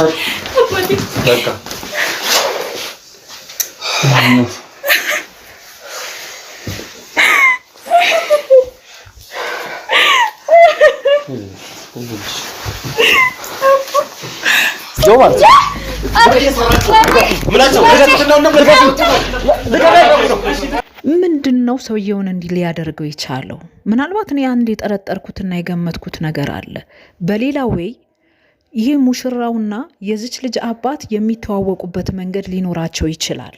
ምንድን ነው ሰውየውን እንዲህ ሊያደርገው የቻለው? ምናልባት እኔ አንድ የጠረጠርኩትና የገመትኩት ነገር አለ። በሌላ ወይ ይህ ሙሽራውና የዚች ልጅ አባት የሚተዋወቁበት መንገድ ሊኖራቸው ይችላል።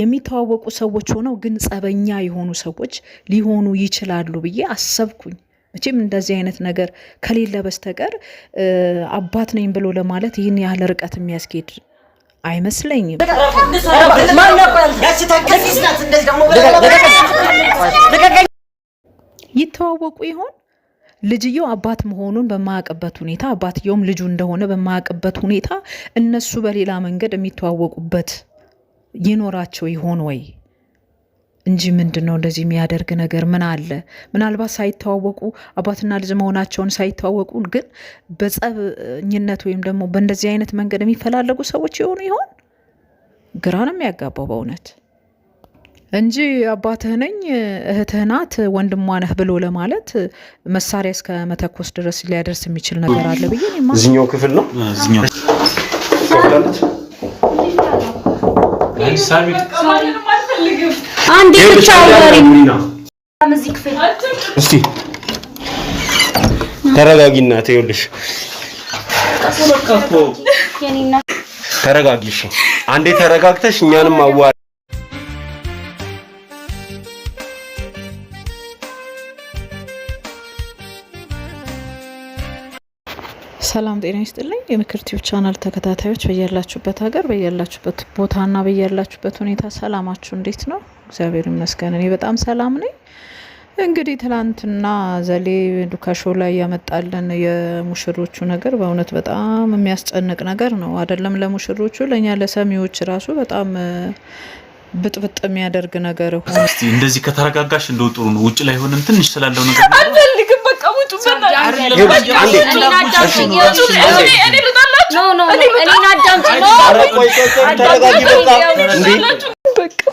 የሚተዋወቁ ሰዎች ሆነው ግን ጸበኛ የሆኑ ሰዎች ሊሆኑ ይችላሉ ብዬ አሰብኩኝ። መቼም እንደዚህ አይነት ነገር ከሌለ በስተቀር አባት ነኝ ብሎ ለማለት ይህን ያህል ርቀት የሚያስኬድ አይመስለኝም። ይተዋወቁ ይሆን? ልጅየው አባት መሆኑን በማያውቅበት ሁኔታ አባትየውም ልጁ እንደሆነ በማያውቅበት ሁኔታ እነሱ በሌላ መንገድ የሚተዋወቁበት ይኖራቸው ይሆን ወይ እንጂ ምንድን ነው እንደዚህ የሚያደርግ ነገር ምን አለ? ምናልባት ሳይተዋወቁ አባትና ልጅ መሆናቸውን ሳይተዋወቁ ግን በጸብኝነት ወይም ደግሞ በእንደዚህ አይነት መንገድ የሚፈላለጉ ሰዎች የሆኑ ይሆን? ግራ ነው የሚያጋባው በእውነት። እንጂ አባትህ ነኝ እህትህ ናት ወንድሟ ነህ ብሎ ለማለት መሳሪያ እስከ መተኮስ ድረስ ሊያደርስ የሚችል ነገር አለ ብዬ እዚኛው ክፍል ነው። አንዴ ብቻ እስኪ ተረጋጊ ይኸውልሽ አንዴ ተረጋግተሽ እኛንም አዋ ሰላም ጤና ይስጥልኝ። የምክር ቲዩብ ቻናል ተከታታዮች በያላችሁበት ሀገር በያላችሁበት ቦታና በያላችሁበት ሁኔታ ሰላማችሁ እንዴት ነው? እግዚአብሔር ይመስገን እኔ በጣም ሰላም ነኝ። እንግዲህ ትላንትና ዘሌ ዱካሾ ላይ ያመጣልን የሙሽሮቹ ነገር በእውነት በጣም የሚያስጨንቅ ነገር ነው። አይደለም ለሙሽሮቹ፣ ለእኛ ለሰሚዎች ራሱ በጣም ብጥብጥ የሚያደርግ ነገር ሆነ። እንደዚህ ከተረጋጋሽ እንደው ጥሩ ነው። ውጭ ላይ ሆነን ትንሽ ስላለው ነገር አልፈልግም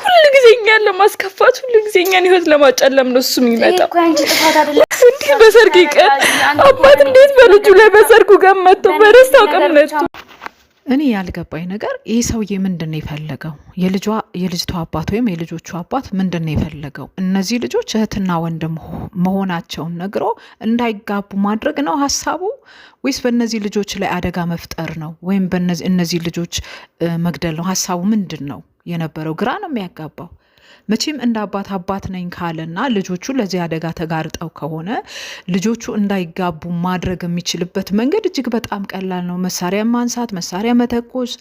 ሁሉ ጊዜ እኛን ለማስከፋት ሁሉ ጊዜ እኛን ህይወት ለማጨለም ነው እሱ የሚመጣው። እንዲህ በሰርግ ቀን አባት እንዴት በልጁ ላይ በሰርጉ ቀን መጥቶ በደስታው ቀን መጥቶ እኔ ያልገባኝ ነገር ይህ ሰውዬ ምንድን ነው የፈለገው? የልጅቷ አባት ወይም የልጆቹ አባት ምንድን ነው የፈለገው? እነዚህ ልጆች እህትና ወንድም መሆናቸውን ነግሮ እንዳይጋቡ ማድረግ ነው ሀሳቡ ወይስ በእነዚህ ልጆች ላይ አደጋ መፍጠር ነው? ወይም እነዚህ ልጆች መግደል ነው ሀሳቡ? ምንድን ነው የነበረው? ግራ ነው የሚያጋባው። መቼም እንደ አባት አባት ነኝ ካለና ልጆቹ ለዚህ አደጋ ተጋርጠው ከሆነ ልጆቹ እንዳይጋቡ ማድረግ የሚችልበት መንገድ እጅግ በጣም ቀላል ነው። መሳሪያ ማንሳት፣ መሳሪያ መተኮስ፣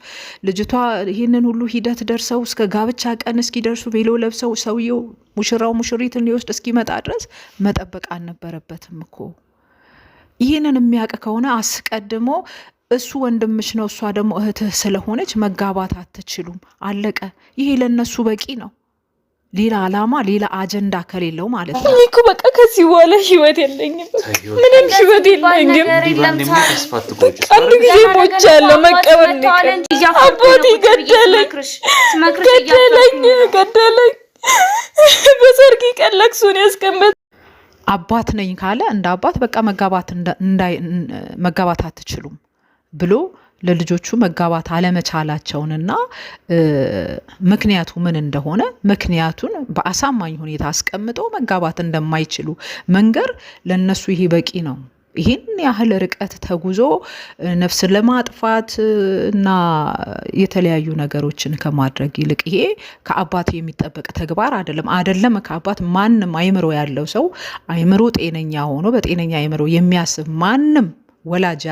ልጅቷ ይህንን ሁሉ ሂደት ደርሰው እስከ ጋብቻ ቀን እስኪደርሱ ቬሎ ለብሰው ሰውየው ሙሽራው ሙሽሪትን ሊወስድ እስኪመጣ ድረስ መጠበቅ አልነበረበትም እኮ። ይህንን የሚያውቅ ከሆነ አስቀድሞ እሱ ወንድምሽ ነው፣ እሷ ደግሞ እህትህ ስለሆነች መጋባት አትችሉም፣ አለቀ። ይሄ ለነሱ በቂ ነው። ሌላ አላማ ሌላ አጀንዳ ከሌለው ማለት ነው እኮ በቃ ከዚህ በኋላ ህይወት የለኝም፣ ምንም ህይወት የለኝም። አንድ ጊዜ ሞቻለሁ፣ መቀበር አባቴ ገደለኝ፣ ገደለኝ፣ ገደለኝ። በሰርግ ቀን ለቅሶን ያስቀመጥ አባት ነኝ ካለ እንደ አባት በቃ መጋባት መጋባት አትችሉም ብሎ ለልጆቹ መጋባት አለመቻላቸውንና ምክንያቱ ምን እንደሆነ ምክንያቱን በአሳማኝ ሁኔታ አስቀምጠው መጋባት እንደማይችሉ መንገር ለነሱ ይሄ በቂ ነው። ይህን ያህል ርቀት ተጉዞ ነፍስ ለማጥፋት እና የተለያዩ ነገሮችን ከማድረግ ይልቅ ይሄ ከአባት የሚጠበቅ ተግባር አይደለም። አይደለም ከአባት ማንም አይምሮ ያለው ሰው አይምሮ ጤነኛ ሆኖ በጤነኛ አይምሮ የሚያስብ ማንም ወላጅ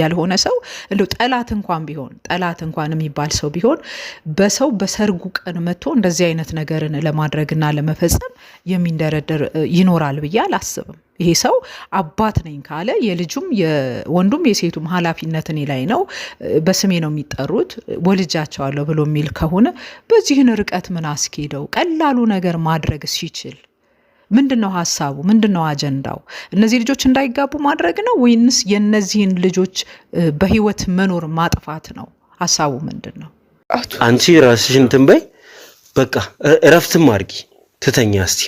ያልሆነ ሰው እንደው ጠላት እንኳን ቢሆን ጠላት እንኳን የሚባል ሰው ቢሆን በሰው በሰርጉ ቀን መጥቶ እንደዚህ አይነት ነገርን ለማድረግና ለመፈጸም የሚንደረደር ይኖራል ብዬ አላስብም። ይሄ ሰው አባት ነኝ ካለ የልጁም የወንዱም የሴቱም ኃላፊነት እኔ ላይ ነው፣ በስሜ ነው የሚጠሩት፣ ወልጃቸዋለሁ ብሎ የሚል ከሆነ በዚህን ርቀት ምን አስኬደው ቀላሉ ነገር ማድረግ ሲችል ምንድን ነው ሀሳቡ? ምንድን ነው አጀንዳው? እነዚህ ልጆች እንዳይጋቡ ማድረግ ነው ወይንስ የእነዚህን ልጆች በህይወት መኖር ማጥፋት ነው? ሀሳቡ ምንድን ነው? አንቺ ራስሽን ትንበይ፣ በቃ እረፍትም አድርጊ፣ ትተኛ እስቲ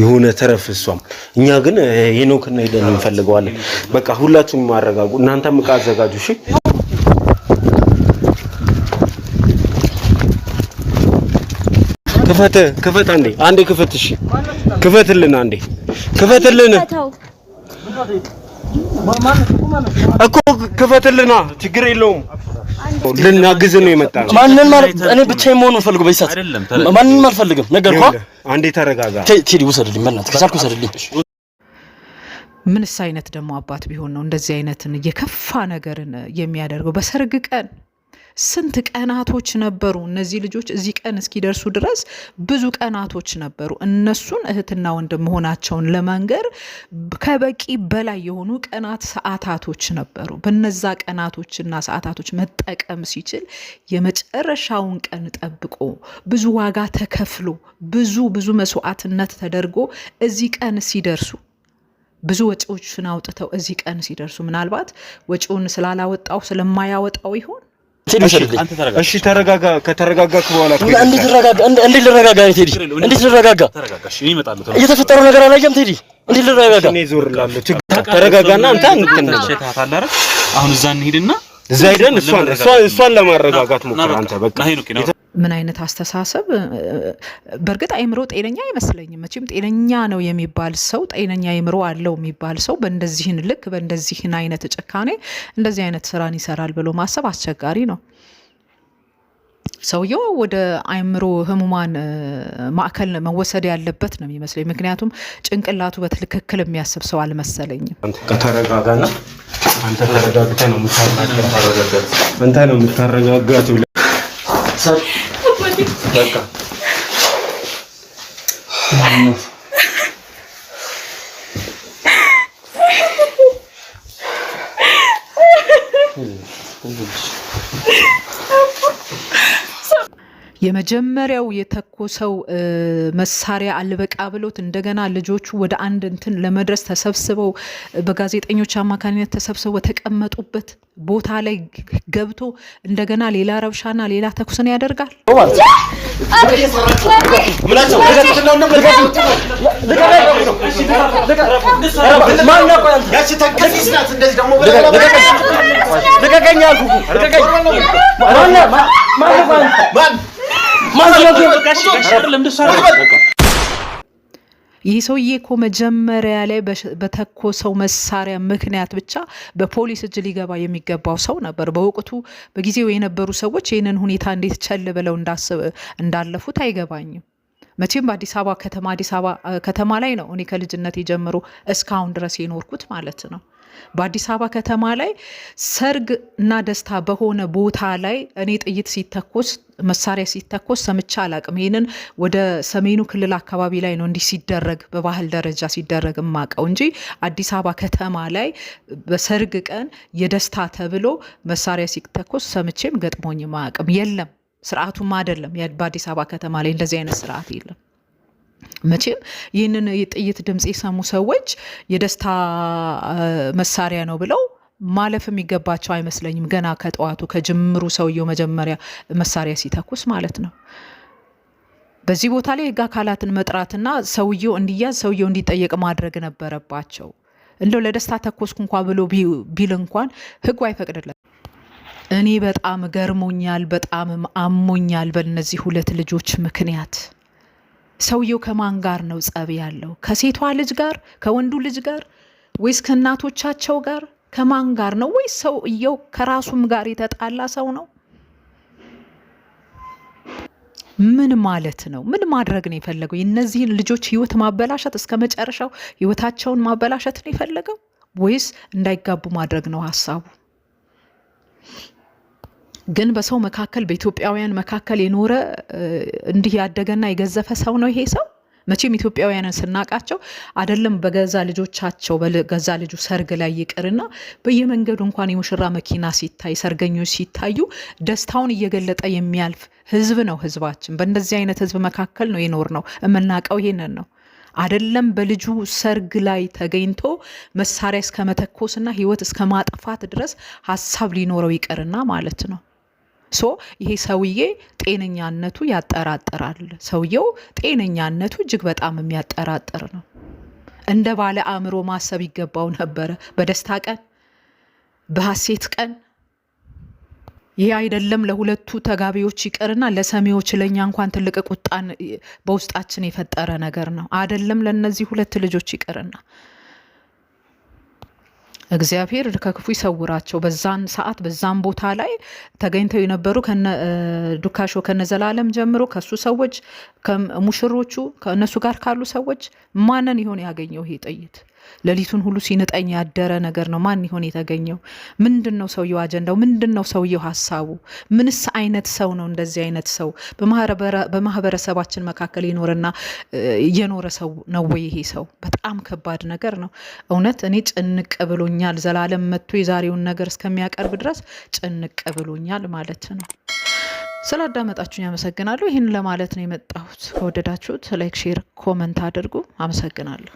የሆነ ተረፍ። እሷም እኛ ግን ሄኖክን ሄደን እንፈልገዋለን። በቃ ሁላችሁም ማረጋጉ፣ እናንተም ዕቃ አዘጋጁ። ክፈት ክፈት፣ አንዴ አንዴ ክፈት። እሺ ክፈትልን፣ አንዴ ክፈትልን እኮ ክፈትልና፣ ችግር የለውም። ልናግዝ ነው የመጣ ነው። ማንንም ማለት እኔ ብቻዬን መሆኑን ፈልጉ። በይሳት ማንንም አልፈልግም። ነገርኩህ። አንዴ ተረጋጋ። ቴዲ ውሰድልኝ፣ በእናትህ ከቻልክ ውሰድልኝ። ምንስ አይነት ደግሞ አባት ቢሆን ነው እንደዚህ አይነትን የከፋ ነገርን የሚያደርገው በሰርግ ቀን ስንት ቀናቶች ነበሩ እነዚህ ልጆች እዚህ ቀን እስኪደርሱ ድረስ ብዙ ቀናቶች ነበሩ። እነሱን እህትና ወንድም መሆናቸውን ለመንገር ከበቂ በላይ የሆኑ ቀናት፣ ሰዓታቶች ነበሩ። በነዛ ቀናቶችና ሰዓታቶች መጠቀም ሲችል የመጨረሻውን ቀን ጠብቆ ብዙ ዋጋ ተከፍሎ ብዙ ብዙ መስዋዕትነት ተደርጎ እዚህ ቀን ሲደርሱ ብዙ ወጪዎችን አውጥተው እዚህ ቀን ሲደርሱ ምናልባት ወጪውን ስላላወጣው ስለማያወጣው ይሆን እሺ ተረጋጋ። ከተረጋጋክ በኋላ እንዴት ልረጋጋ? እንዴት ልረጋጋ? ቴዲ እንዴት ልረጋጋ? እየተፈጠረው ነገር አላየም። ቴዲ እንዴት ልረጋጋ? እኔ ዞር እላለሁ። ተረጋጋና አንተ አሁን እዛ እንሂድና እዛ ሄደን እሷን እሷን ለማረጋጋት ሞክር አንተ በቃ ምን አይነት አስተሳሰብ? በእርግጥ አይምሮ ጤነኛ አይመስለኝም። መቼም ጤነኛ ነው የሚባል ሰው ጤነኛ አይምሮ አለው የሚባል ሰው በእንደዚህን ልክ በእንደዚህን አይነት ጭካኔ እንደዚህ አይነት ስራን ይሰራል ብሎ ማሰብ አስቸጋሪ ነው። ሰውየው ወደ አእምሮ ህሙማን ማዕከል መወሰድ ያለበት ነው የሚመስለኝ። ምክንያቱም ጭንቅላቱ በትክክል የሚያስብ ሰው አልመሰለኝም። ከተረጋጋና አንተ ተረጋግተህ ነው የምታረጋጋት Только. Подожди. የመጀመሪያው የተኮሰው መሳሪያ አልበቃ ብሎት እንደገና ልጆቹ ወደ አንድ እንትን ለመድረስ ተሰብስበው በጋዜጠኞች አማካኝነት ተሰብስበው በተቀመጡበት ቦታ ላይ ገብቶ እንደገና ሌላ ረብሻና ሌላ ተኩስን ያደርጋል። ልቀቀኝ ይህ ሰውዬ እኮ መጀመሪያ ላይ በተኮሰው መሳሪያ ምክንያት ብቻ በፖሊስ እጅ ሊገባ የሚገባው ሰው ነበር። በወቅቱ በጊዜው የነበሩ ሰዎች ይህንን ሁኔታ እንዴት ቸል ብለው እንዳለፉት አይገባኝም። መቼም በአዲስ አበባ ከተማ አዲስ አበባ ከተማ ላይ ነው እኔ ከልጅነት ጀምሮ እስካሁን ድረስ የኖርኩት ማለት ነው። በአዲስ አበባ ከተማ ላይ ሰርግ እና ደስታ በሆነ ቦታ ላይ እኔ ጥይት ሲተኮስ መሳሪያ ሲተኮስ ሰምቼ አላቅም። ይህንን ወደ ሰሜኑ ክልል አካባቢ ላይ ነው እንዲህ ሲደረግ በባህል ደረጃ ሲደረግ ማቀው እንጂ አዲስ አበባ ከተማ ላይ በሰርግ ቀን የደስታ ተብሎ መሳሪያ ሲተኮስ ሰምቼም ገጥሞኝ ማቅም የለም። ስርዓቱም አይደለም። በአዲስ አበባ ከተማ ላይ እንደዚህ አይነት ስርዓት የለም። መቼም ይህንን የጥይት ድምፅ የሰሙ ሰዎች የደስታ መሳሪያ ነው ብለው ማለፍ የሚገባቸው አይመስለኝም። ገና ከጠዋቱ ከጅምሩ ሰውየው መጀመሪያ መሳሪያ ሲተኩስ ማለት ነው። በዚህ ቦታ ላይ ህግ አካላትን መጥራትና ሰውየው እንዲያዝ ሰውየው እንዲጠየቅ ማድረግ ነበረባቸው። እንደው ለደስታ ተኮስኩ እንኳ ብሎ ቢል እንኳን ህጉ አይፈቅድለት። እኔ በጣም ገርሞኛል፣ በጣም አሞኛል በእነዚህ ሁለት ልጆች ምክንያት ሰውየው ከማን ጋር ነው ጸብ ያለው? ከሴቷ ልጅ ጋር፣ ከወንዱ ልጅ ጋር ወይስ ከእናቶቻቸው ጋር? ከማን ጋር ነው? ወይስ ሰውየው ከራሱም ጋር የተጣላ ሰው ነው? ምን ማለት ነው? ምን ማድረግ ነው የፈለገው? የእነዚህን ልጆች ህይወት ማበላሸት፣ እስከ መጨረሻው ህይወታቸውን ማበላሸት ነው የፈለገው ወይስ እንዳይጋቡ ማድረግ ነው ሀሳቡ? ግን በሰው መካከል በኢትዮጵያውያን መካከል የኖረ እንዲህ ያደገና የገዘፈ ሰው ነው ይሄ ሰው። መቼም ኢትዮጵያውያንን ስናቃቸው አይደለም በገዛ ልጆቻቸው በገዛ ልጁ ሰርግ ላይ ይቅርና በየመንገዱ እንኳን የሙሽራ መኪና ሲታይ፣ ሰርገኞች ሲታዩ ደስታውን እየገለጠ የሚያልፍ ህዝብ ነው ህዝባችን። በእንደዚህ አይነት ህዝብ መካከል ነው የኖር ነው የምናቀው ይሄንን ነው አይደለም በልጁ ሰርግ ላይ ተገኝቶ መሳሪያ እስከ መተኮስና ህይወት እስከ ማጥፋት ድረስ ሀሳብ ሊኖረው ይቅርና ማለት ነው። ሶ ይሄ ሰውዬ ጤነኛነቱ ያጠራጥራል። ሰውየው ጤነኛነቱ እጅግ በጣም የሚያጠራጥር ነው። እንደ ባለ አእምሮ ማሰብ ይገባው ነበረ። በደስታ ቀን፣ በሐሴት ቀን ይህ አይደለም ለሁለቱ ተጋቢዎች ይቅርና ለሰሚዎች ለእኛ እንኳን ትልቅ ቁጣን በውስጣችን የፈጠረ ነገር ነው። አይደለም ለእነዚህ ሁለት ልጆች ይቅርና እግዚአብሔር ከክፉ ይሰውራቸው። በዛን ሰዓት በዛን ቦታ ላይ ተገኝተው የነበሩ ከነ ዱካሾ ከነ ዘላለም ጀምሮ ከሱ ሰዎች፣ ከሙሽሮቹ ከእነሱ ጋር ካሉ ሰዎች ማንን ይሆን ያገኘው ይሄ ጥይት? ሌሊቱን ሁሉ ሲንጠኝ ያደረ ነገር ነው። ማን ይሆን የተገኘው? ምንድን ነው ሰውየው አጀንዳው? ምንድን ነው ሰውየው ሀሳቡ? ምንስ አይነት ሰው ነው? እንደዚህ አይነት ሰው በማህበረሰባችን መካከል የኖረና የኖረ ሰው ነው ወይ ይሄ ሰው? በጣም ከባድ ነገር ነው እውነት። እኔ ጭንቅ ብሎኛል። ዘላለም መጥቶ የዛሬውን ነገር እስከሚያቀርብ ድረስ ጭንቅ ብሎኛል ማለት ነው። ስላዳመጣችሁን አመሰግናለሁ። ይህን ለማለት ነው የመጣሁት። ከወደዳችሁት ላይክ፣ ሼር፣ ኮመንት አድርጉ። አመሰግናለሁ።